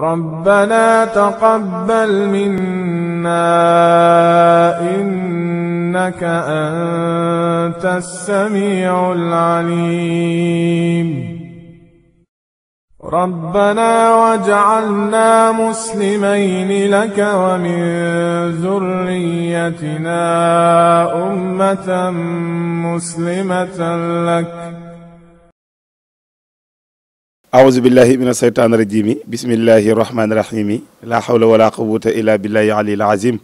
ربنا تقبل منا إنك أنت السميع العليم ربنا واجعلنا مسلمين لك ومن ذريتنا أمة مسلمة لك أعوذ بالله من الشيطان الرجيم بسم الله الرحمن الرحيم لا حول ولا قوة إلا بالله العلي العظيم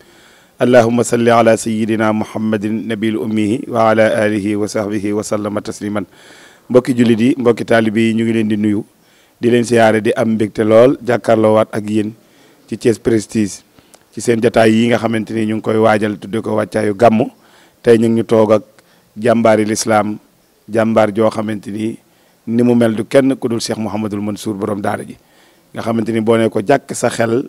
اللهم صل على سيدنا محمد النبي الأمي وعلى آله وصحبه وسلم تسليما مبكي جلدي مبكي طالبي نيغي لين دي نويو دي لين سياره دي ام بيكت لول جاكارلو وات اك يين تي تيس بريستيج تي سين جاتا ييغا خامتيني نيون كوي واديال تودي كو واتيايو غامو تاي نيغ ني توغ اك جامبار الاسلام جامبار جو خامتيني ni mu mel du kenn ku dul Cheikh Mouhamadul Mansour borom daara ji nga xamante ni boo ne ko jàkk sa xel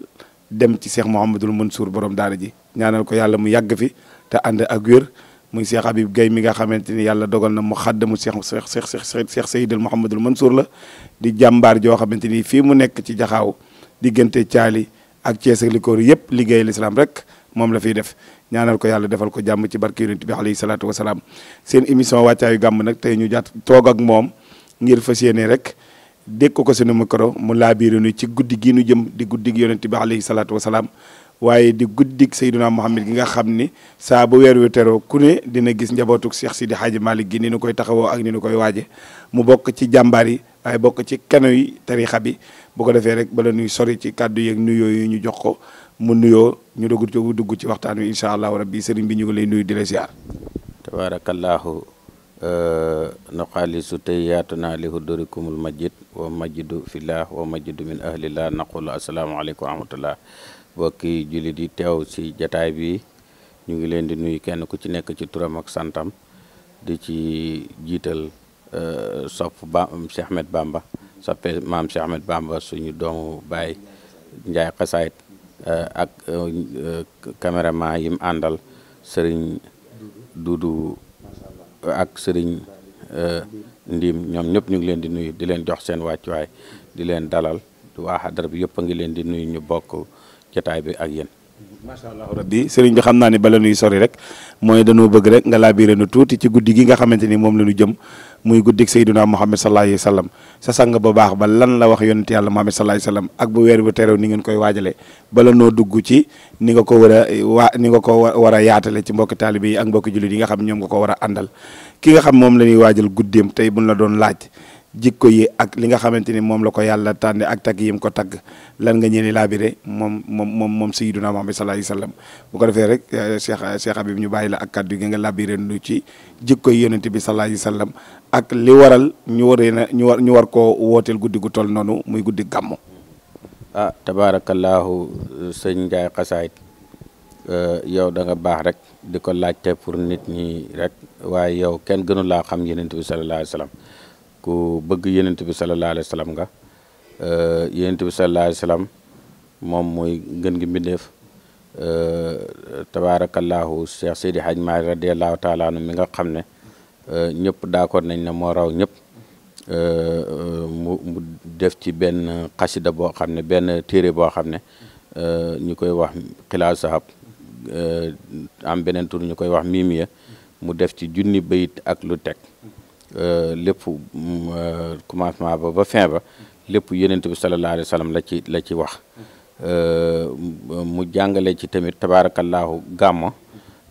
dem ci Cheikh Mouhamadul Mansour borom daara ji ñaanal ko yàlla mu yàgg fi te ànd ak wér muy Cheikh Habib Guèye mi nga xamante ni yàlla dogal na mu xàddamu Cheikh seex seydal Cheikh Seydil Mouhamadul Mansour la di jàmbaar joo xamante ni fii mu nekk ci jaxaaw diggante caali ak Cees ak li ko yëpp liggéey lislaam rek moom la fiy def ñaanal ko yàlla defal ko jàmm ci barke yonent bi alayhi salaatu wasalaam seen émission wàccaayu gàmm nag tey ñu jàtt toog ak moom ngir fa yéene rek dégg ko ko sunu micro mu laabiire nu ci guddi gi nu jëm di guddig yonent bi alayhi salaatu wasalaam waaye di guddig Seydina Muhammad gi nga xam ni saa bu weer wi teroo ku ne dina gis njabootuk si Sidi Hadji Malick gi ni nu koy taxawoo ak ni nu koy waaje mu bokk ci jàmbaar yi waaye bokk ci keno yi tarixa bi boo ko defee rek bala nuy sori ci kàddu yeeg nuyoo yi ñu jox ko mu nuyoo ñu dugg ci dugg ci waxtaan wi incha allahu sëriñ bi ñu ngi lay nuyu di la ziar. nuqaalisu tey yaatuna li hudurikumul majid wa majidu fillah wa majidu min ahlillah naqulu asalaamaaleykum wa rahmatullah bokki jullit yi teew ci jataay bi ñu ngi leen di nuyu kenn ku ci nekk ci turam ak santam di ci jiital sopp ba Cheikh Ahmed Bamba soppe maam Cheikh Ahmed Bamba suñu doomu baay Njaay Xasaayit ak caméraman yim àndal sëriñ Dudu ak sëriñ euh, Ndiim ñoom ñëpp ñu ngi leen di nuyu di leen jox seen wàccuwaay di leen dalal waa xadara bi yëpp a ngi leen di nuyu ñu bokk jotaay bi ak yéen. macha allah rabbi sëriñ bi xam naa ne bala nuy sori rek mooy dañoo bëgg rek nga laabiré nu tuuti ci guddi gi nga xamante ni moom la ñu jëm muy guddik sayduna muhammad sallallahu alayhi wa sallam sa sang ba baax ba lan la wax yonent yàlla muhammad sallallahu alayhi wa sallam ak bu weer bu terew ni ngeen koy waajalee bala noo dugg ci ni nga ko war a waa ni nga ko war a yaatale ci mbokki taalibe yi ak mbokki jullit yi nga xam ñoom nga ko war a àndal ki nga xam moom la ñuy waajal guddeem tey buñ la doon laaj jikko yi ak li nga xamante ni moom la ko yàlla tànne ak tagg yim ko tagg lan nga ñëwee laabire moom moom moom moom sayyiduna Muhammad sallallahu alayhi wasallam bu ko defee rek eh, Cheikh eh, Cheikh Habib ñu bàyyi la ak kàddu gi nga laabire nu ci jikko yi yonent bi sallallahu alayhi ak li waral ñu waree na ñu war ñu war koo wooteel guddi gu tol noonu muy guddi gàmmu. ah tabaarakallaahu sëñ Ndiaye xasaayit eh, yow danga baax rek di ko laajte pour nit ñi rek waaye yow kenn gënu laa xam yeneen bi sallallahu alayhi ku bëgg yenent bi sallallahu alayhi wa nga euh, yenent bi sallallahu alayhi moom mooy gën gi mbindeef euh, tabaarakallaahu cheikh seydi haj maalik radiallahu taala mi nga xam ne euh, ñëpp d'accord nañ ne moo raw ñëpp mu def ci benn xasida boo xam ne benn téere boo xam ne ñu koy wax xilaalu sahab am beneen tur ñu koy wax miimiya mu def ci junni bayit ak lu teg Euh, lépp mm, euh, commencement ba ba fin ba lépp yonent bi sallallahu alayhi wa sallam la ci la ci wax euh, mu jàngale ci tamit tabaarakallaahu gàmmo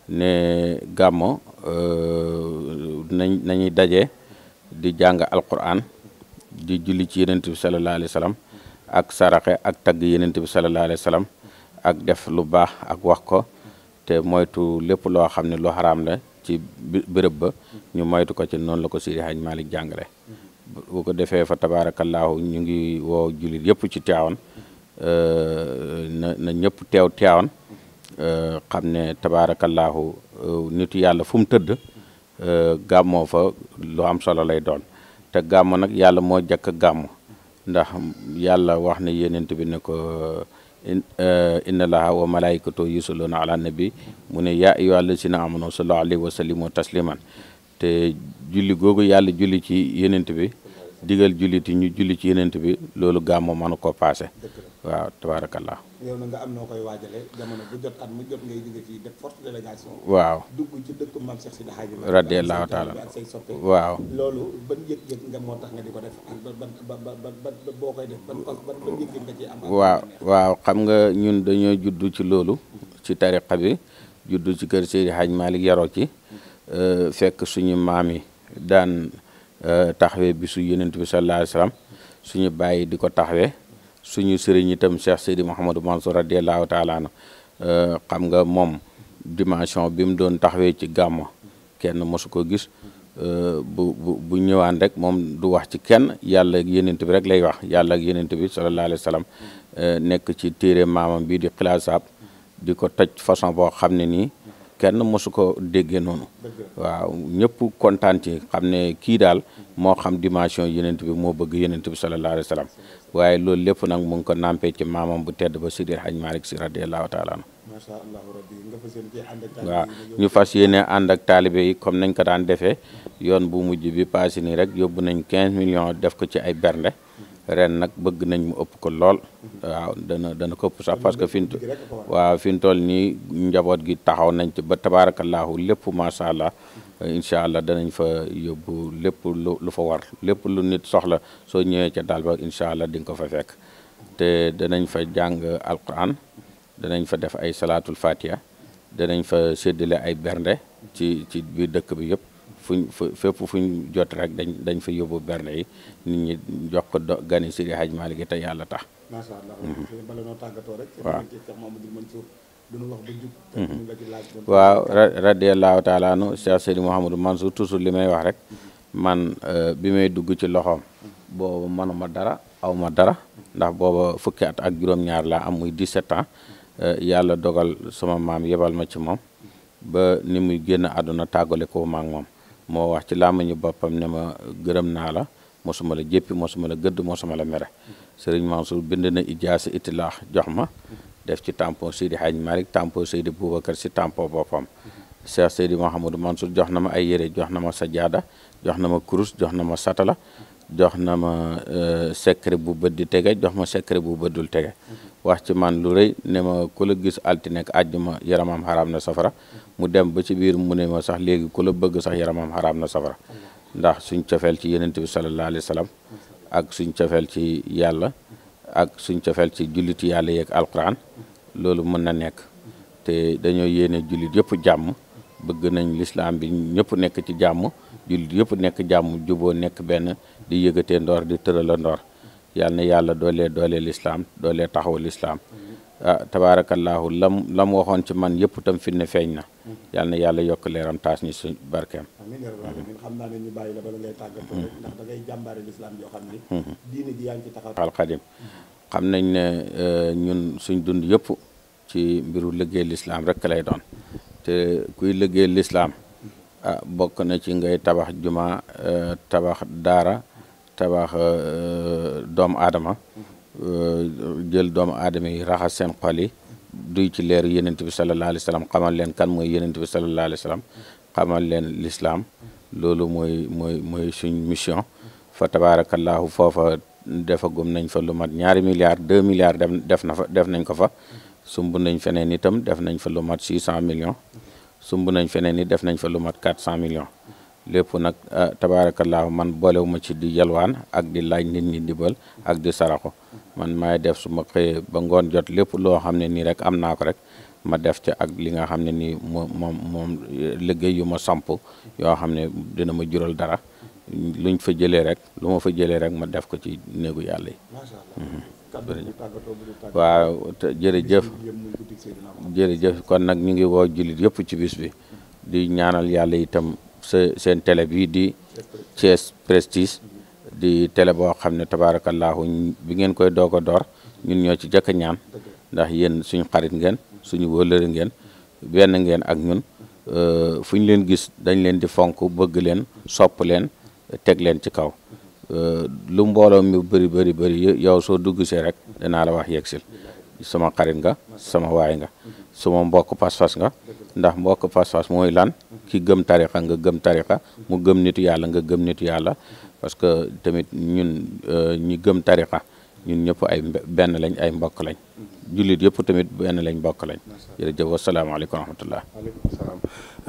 ne gàmmo nañ nañuy daje di jàng alquran di julli ci yonent bi sallallahu alayhi wa sallam ak saraxe ak tagg yonent bi sallallahu alayhi wa sallam ak def lu baax ak wax ko te moytu lépp loo xam ne lu xaraam la ci bërëb ba ñu moytu ko ci noonu la ko Seydi Hadj Malick jàngale bu ko defee fa tabaarakallaahu ñu ngi woo julit yëpp ci Tiwaawan euh, na na ñëpp teew Tiwaawan euh, xam ne tabaarakallaahu euh, nitu yàlla fu mu tëdd gàmmoo fa lu am solo lay doon te gàmm nag yàlla moo jëkk gàmm ndax yàlla wax ne yonent bi ne ko Eh, inna allaha wa malaikatu yusalluna ala nabi mu ne yaa ayyuha allazina amanu sallu alayhi wa tasliman te julli googu yàlla julli ci yenent bi digal yi ñu julli ci yenent bi loolu gàmmu mënu ko paase. waaw tabaarakallah. koy waajalee jamono bu jot at mu waaw waaw ko def waaw xam nga ñun dañoo juddu ci loolu. ci tariqa bi juddu ci kër Seydi Hadji Malick yaroo ci. Euh, fekk suñu maam yi daan. Euh, taxawee bisu yonent bi sallallahu alayhi wa sallam suñu di ko taxawee suñu sëriñ itam Cheikh Seydi Mouhamadou Mansour radiyallahu taala anhu euh, xam nga moom dimension bi mu doon taxawee ci gàmmu kenn mosu ko gis euh, bu bu ñëwaan rek moom du wax ci kenn yàlla ak yonent rek lay wax yàlla ak yonent bi sallallahu alayhi wa nekk ci téere maamam bii di xilaasaab di ko toj façon boo xam ne nii kenn mosu ko déggee noonu waaw ñëpp kontaan ci xam ne kii daal moo xam dimension yenent bi moo bëgg yenent bi sallallahu alayhi wa sallam loolu lépp nag mu ko nampee ci maamam bu tedd ba Sidi Haj Malick si radiyallahu taala anu waaw ñu fas yéene ànd ak taalibe yi comme nañ ko daan defee yoon bu mujj bi passé nii rek yóbbu nañ 15 million def ko ci ay bernde ren nag bëgg nañ mu ëpp ko lool waaw dana dana ko ëpp sax parce que fi mu waaw fi mu toll nii njaboot gi taxaw nañ ci ba tabaarakallaahu lépp macha allah incha allah danañ fa yóbbu lépp lu lu fa war lépp lu nit soxla soo ñëwee ca daal ba incha allah di nga ko fa fekk te danañ fa jàng alquran danañ fa def ay salaatul fatiha danañ fa séddale ay bernde ci ci biir dëkk bi yëpp fuñ fu fépp jot rek dañ dañ fa yóbbu berne yi nit ñi jox do gani Seydi Hadj Malick gi yàlla tax. macha allah mhm. bala noo tàggatoo rek. waaw mhm. waaw radiyallaahu taala anu Cheikh Seydi toujours li may wax rek mhm. man euh, bi may dugg ci loxoom boobu manuma dara aw ma dara ndax booba fukki at ak juróom-ñaar laa am muy 17 ans euh, yàlla dogal sama maam yebal ma ci moom ba ni muy génn àdduna tàggale ko maak moom moo wax ci làmmiñu boppam ne ma gërëm naa la mosuma la jéppi mosuma la gëdd mosuma la mere sëriñ Mansour bind na ijaasa itilaax jox ma def ci tampon Seydi Haj Malick tampon Seydi Boubacar si tempo boppam Cheikh Seydi ma Mansour jox na ma ay yére jox na ma sajaada jox na ma kurus jox na ma satala jox na ma euh, secret bu bët di tege jox ma secret bu bëddul tege wax ci man lu rëy ne ma ku la gis altine ak àjjuma yaramam xaraam na safara mu dem ba ci biir mu ne ma sax léegi ku la bëgg sax yaramam xaraam na safara ndax suñ cofeel ci yenente bi sallallahu alayhi wa sallam ak suñ cofeel ci yàlla ak suñ cofeel ci julliti yàlla yeeg alquran loolu mën na nekk te dañoo yéene jullit yëpp jàmm bëgg nañ lislaam bi ñëpp nekk ci jàmm jullit yëpp nekk jàmm juboo nekk benn di yëgatee ndoor di tërala ndoor yàlla na yàlla doolee doolee lislaam doolee taxawal lislaam ah tabaarakallaahu lam lam waxoon ci man yëpp tam fi ne feeñ na yal yàlla yokk leeram taas ñu suñ barkeem. amiin amiin xam ñu bàyyi la bala ngay tàggatoo rek ndax da ngay jàmbaare lislaam yoo xam mhm. ne. ci taxaw. xadim xam nañ ne euh, ñun suñ dund yëpp ci mbiru liggéey lislaam rek lay doon te kuy liggéey lislaam ah bokk na ci ngay tabax juma euh, tabax daara tabax euh, doomu aadama jël doomu aadama yi raxas seen xol duy ci leer yenente bi sallallahu alayhi wa xamal leen kan mooy yenente bi sallallahu alayhi wa xamal leen lislaam loolu mooy mooy mooy suñ mission fa tabaarakallaahu foofa gum nañ fa lu mat ñaari milliards deux milliards dem def na fa def nañ ko fa sumb nañ feneen itam def nañ fa lu mat six cent millions sumb nañ feneen it def nañ fa lu mat quatre cent millions lépp nag tabaarakallaahu man boolewuma ci di yalwaan ak di laaj nit ñi dibal ak di saraxo man maay def su ma xëyee ba ngoon jot lépp loo xam ne nii rek am naa ko rek ma def ci ak li nga xam ne nii moom moom liggéey yu ma samp yoo xam ne dina ma jural dara luñ fa jëlee rek lu ma fa jëlee rek ma def ko ci néegu yàlla yi. Mhm. waaw jërëjëf jërëjëf kon nag ñu ngi woo jullit yëpp ci bis bi di ñaanal yàlla itam sa seen télé bii di Thiès Prestige di télé boo xam ne tabaarakallaahu bi ngeen koy doog a door ñun ñoo ci jëkk ñaan ndax yéen suñu xarit ngeen suñu wëllëri ngeen benn ngeen ak ñun euh, fu ñu leen gis dañ leen di fonk bëgg leen sopp leen teg leen ci kaw euh, lu mbooloo mi bëri bëri bëri yow soo dugg see rek danaa la wax yegsil sama xarit nga sama waay nga sama mbokk pas-pas nga ndax mbokk pas-pas mooy lan ki gëm tarixa nga gëm tarixa mu gëm nitu yàlla nga gëm nitu yàlla parce que tamit ñun euh, ñi gëm tarixa ñun ñëpp ay benn lañ ay mbokk lañ. Mm-hmm. jullit yëpp tamit benn lañ mbokk lañ. jërëjëf wasalaamaaleykum wa rahmatullah. waaleykum salaam.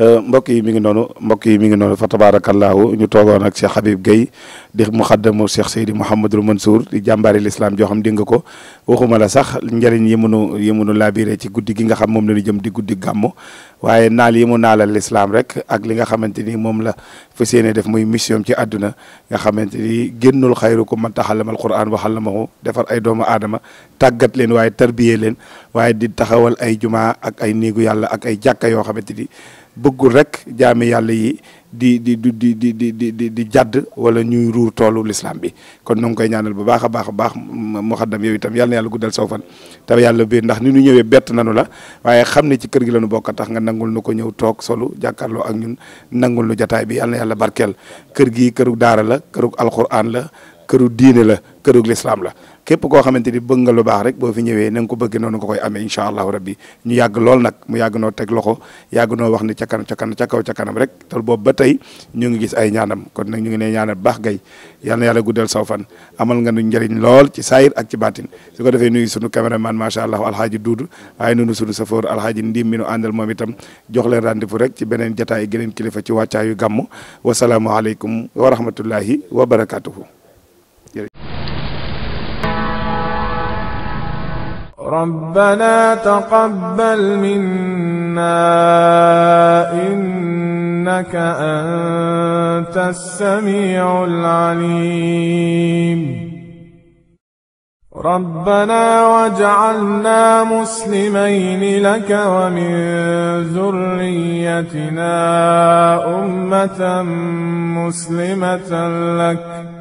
Euh, mbokk yi mi ngi noonu mbokk yi mi ngi noonu fa tabaarakallaahu ñu toogoon ak Cheikh Habib Guèye di muxaddamu Cheikh Seydi Mouhamadul Mansour di jàmbaari lislaam joo xam dégg nga ko waxuma la sax njëriñ yi mënu yi mënu labiré ci guddi gi nga xam moom la ñu jëm di guddi gàmmu waaye naal yi mu naalal lislaam rek ak li nga xamante ni moom la fas yéene def muy mission ci àdduna nga xamante ni génnul xayrukum man taxallamal Qur'aan wa xallamahu defar ay doomu aadama tàggat leen waaye tarbiyee leen waaye di taxawal ay jumaa ak ay néegu yàlla ak ay jàkka yoo xamante ni bëggul rek jaami yàlla yi di di di di di di di di jàdd wala ñuy ruur toolu lislaam bi kon nu koy ñaanal bu baax a baax a baax muxaddam yow itam yàlla na yàlla guddal saw fan te yàlla biir ndax ni ñu ñëwee bett nanu la waaye xam ne ci kër gi la ñu bokk tax nga nangul nu ko ñëw toog solu jàkkaarloo ak ñun nangul nu jataay bi yàlla na yàlla barkeel kër gi këru daara la këru alquran la këru diine la këru lislaam la képp koo xamante ni bëgg nga lu baax rek boo fi ñëwee na nga ko bëgg noonu nga koy amee incha allahu rabbi ñu yàgg lool nag mu yàgg noo teg loxo yàgg noo wax ni ca kanam ca kanam ca kaw ca kanam rek te boobu ba tey ñu ngi gis ay ñaanam kon nag ñu ngi ne ñaanal baax gay yal na yàlla guddal saw amal nga nu njëriñ lool ci saayir ak ci baatin su ko defee nu nuyu sunu caméraman macha allah alhaaji duudu waaye nunu sunu safoor alhaaji ndiim mi nu àndal moom itam jox leen rendez-vous rek ci beneen jataay geneen kilifa ci wàccaayu gàmm wasalaamualeykum wa rahmatullahi wa barakatuhu ربنا تقبل منا إنك أنت السميع العليم ربنا واجعلنا مسلمين لك ومن ذريتنا أمة مسلمة لك